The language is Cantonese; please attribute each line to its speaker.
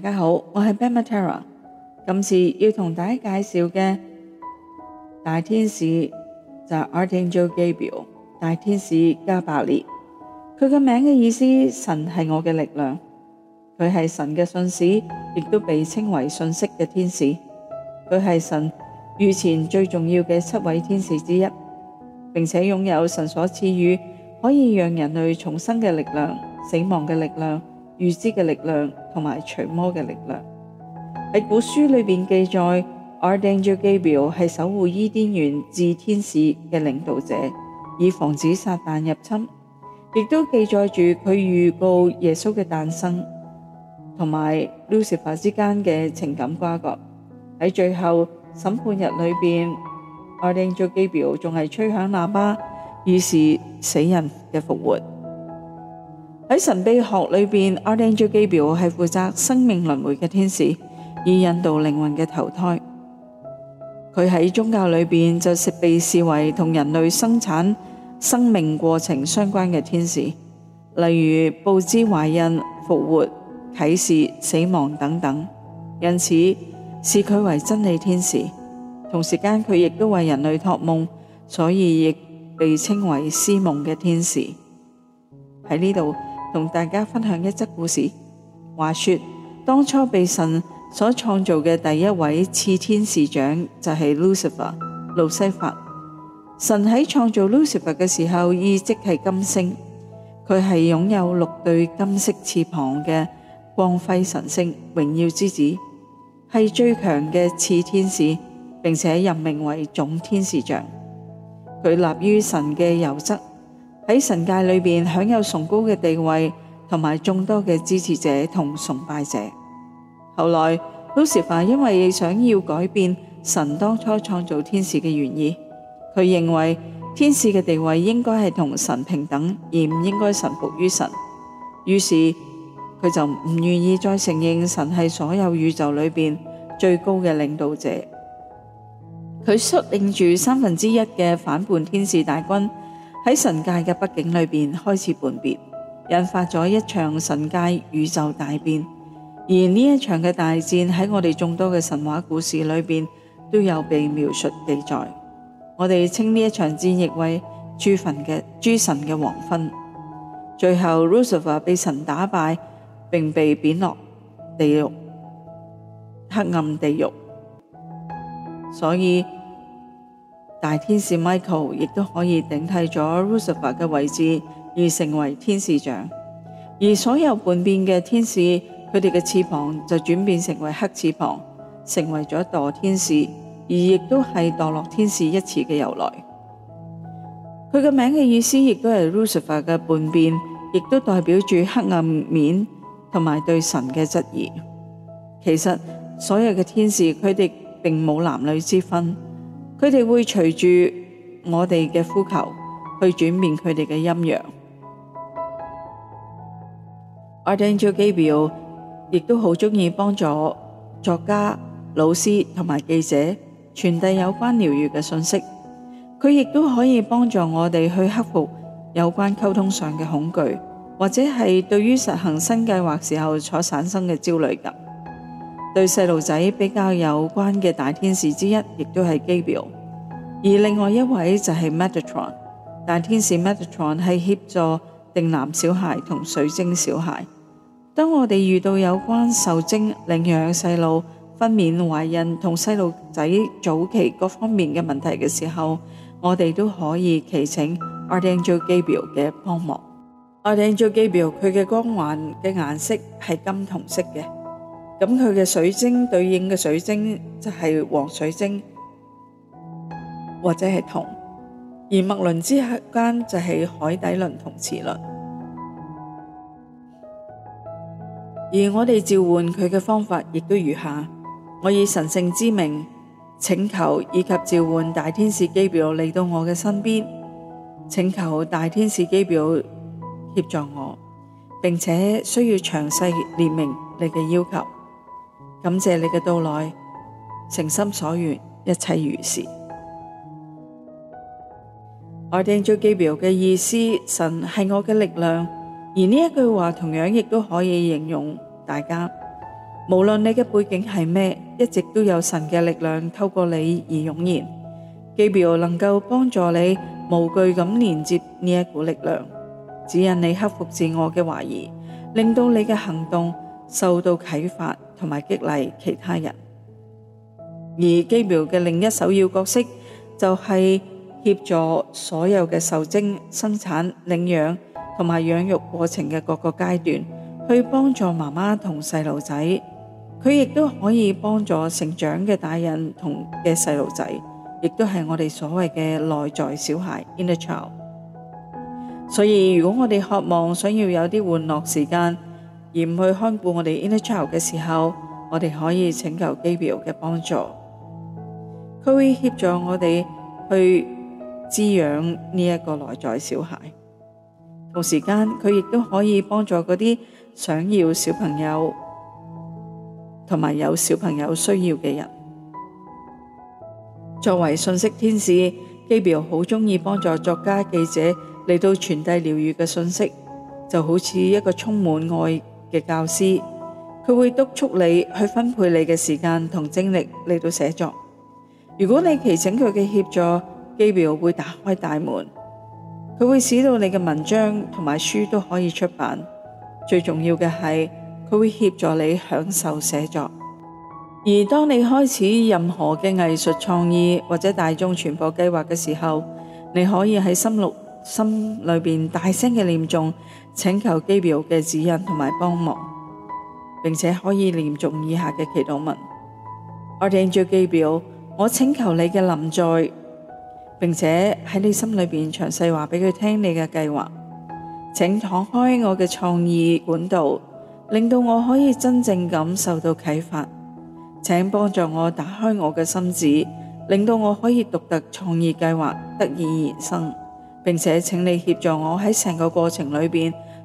Speaker 1: 大家好，我係 Padma Tara，今次要同大家介紹嘅大天使就係、是、Archangel Gabriel，大天使加百列。佢嘅名嘅意思，神係我嘅力量。佢係神嘅信使，亦都被稱為信息嘅天使。佢係神御前最重要嘅七位天使之一，並且擁有神所賜予可以讓人類重生嘅力量、死亡嘅力量。預知嘅力量同埋除魔嘅力量，喺古書裏邊記載，Archangel Gabriel 係守護伊甸園至天使嘅領導者，以防止撒旦入侵，亦都記載住佢預告耶穌嘅誕生，同埋 Lucifer 之間嘅情感瓜葛。喺最後審判日裏邊，Archangel Gabriel 仲係吹響喇叭，預示死人嘅復活。喺神秘學裏邊，Archangel Gabriel 係負責生命輪迴嘅天使，以引導靈魂嘅投胎。佢喺宗教裏面，就係被視為同人類生產生命過程相關嘅天使，例如布施、懷孕、復活、啟示、死亡等等。因此視佢為真理天使。同時間佢亦都為人類託夢，所以亦被稱為施夢嘅天使。喺呢度。同大家分享一則故事。話說當初被神所創造嘅第一位次天使長就係 Lucifer、路西法。神喺創造 Lucifer 嘅時候，意即係金星。佢係擁有六對金色翅膀嘅光輝神聖、榮耀之子，係最強嘅次天使，並且任命為總天使長。佢立於神嘅右側。喺神界裏邊享有崇高嘅地位，同埋眾多嘅支持者同崇拜者。後來，路西法因為想要改變神當初創造天使嘅原意，佢認為天使嘅地位應該係同神平等，而唔應該臣服於神。於是佢就唔願意再承認神係所有宇宙裏邊最高嘅領導者。佢率領住三分之一嘅反叛天使大軍。喺神界嘅背景裏面開始叛變，引發咗一場神界宇宙大變。而呢一場嘅大戰喺我哋眾多嘅神話故事裏面都有被描述記載。我哋稱呢一場戰役為諸神嘅諸神嘅黃昏。最後，路西法被神打敗，並被貶落地獄，黑暗地獄。所以。大天使 Michael 亦都可以頂替咗 Lucifer 嘅位置而成為天使長，而所有叛變嘅天使佢哋嘅翅膀就轉變成為黑翅膀，成為咗墮天使，而亦都係墮落天使一詞嘅由來。佢嘅名嘅意思亦都係 Lucifer 嘅叛變，亦都代表住黑暗面同埋對神嘅質疑。其實所有嘅天使佢哋並冇男女之分。佢哋會隨住我哋嘅呼求去轉變佢哋嘅陰陽。Archangel Gabriel 亦都好鍾意幫助作家、老師同埋記者傳遞有關療愈嘅信息。佢亦都可以幫助我哋去克服有關溝通上嘅恐懼，或者係對於實行新計劃時候所產生嘅焦慮感。對細路仔比較有關嘅大天使之一，亦都係 Gabriel，而另外一位就係 Metatron 大天使 Metatron 係 c 協助靛藍小孩同水晶小孩。當我哋遇到有關受精、領養細路、分娩懷、懷孕同細路仔早期各方面嘅問題嘅時候，我哋都可以祈請 Archangel Gabriel 嘅幫忙。Archangel Gabriel 佢嘅光環嘅顏色係金銅色嘅。咁佢嘅水晶對應嘅水晶就係黃水晶，或者係銅，而脈輪之間就係海底輪同臍輪。而我哋召喚佢嘅方法亦都如下：我以神聖之名請求以及召喚大天使加百列嚟到我嘅身邊，請求大天使加百列協助我，並且需要詳細列明你嘅要求。感謝你嘅到來，誠心所願，一切如是。我聽咗加百列嘅意思，神係我嘅力量，而呢一句話同樣亦都可以形容大家。無論你嘅背景係咩，一直都有神嘅力量透過你而湧現。加百列能夠幫助你無懼咁連接呢一股力量，指引你克服自我嘅懷疑，令到你嘅行動。受到啟發同埋激勵其他人，而 Gabriel 嘅另一首要角色就係協助所有嘅受精、生產、領養同埋養育過程嘅各個階段，去幫助媽媽同細路仔。佢亦都可以幫助成長嘅大人同嘅細路仔，亦都係我哋所謂嘅內在小孩 （inner child）。所以，如果我哋渴望想要有啲玩樂時間，而唔去看顧我哋 inner child 嘅時候，我哋可以請求 Gabriel 嘅幫助，佢會協助我哋去滋養呢一個內在小孩，同時間佢亦都可以幫助嗰啲想要小朋友同埋有小朋友需要嘅人。作為信息天使，Gabriel 好鍾意幫助作家、記者嚟到傳遞療愈嘅信息，就好似一個充滿愛。嘅教師，佢會督促你去分配你嘅時間同精力嚟到寫作。如果你提醒佢嘅協助，Gabriel 會打開大門，佢會使到你嘅文章同埋書都可以出版。最重要嘅係，佢會協助你享受寫作。而當你開始任何嘅藝術創意或者大眾傳播計劃嘅時候，你可以喺心六心裏邊大聲嘅念誦，請求加百列嘅指引同埋幫忙，並且可以念誦以下嘅祈禱文：我訂住加百列，我請求你嘅臨在，並且喺你心裏邊詳細話俾佢聽你嘅計劃。請敞開我嘅創意管道，令到我可以真正感受到啟發。請幫助我打開我嘅心智，令到我可以獨特創意計劃得以延伸。並且請你協助我喺成個過程裏邊。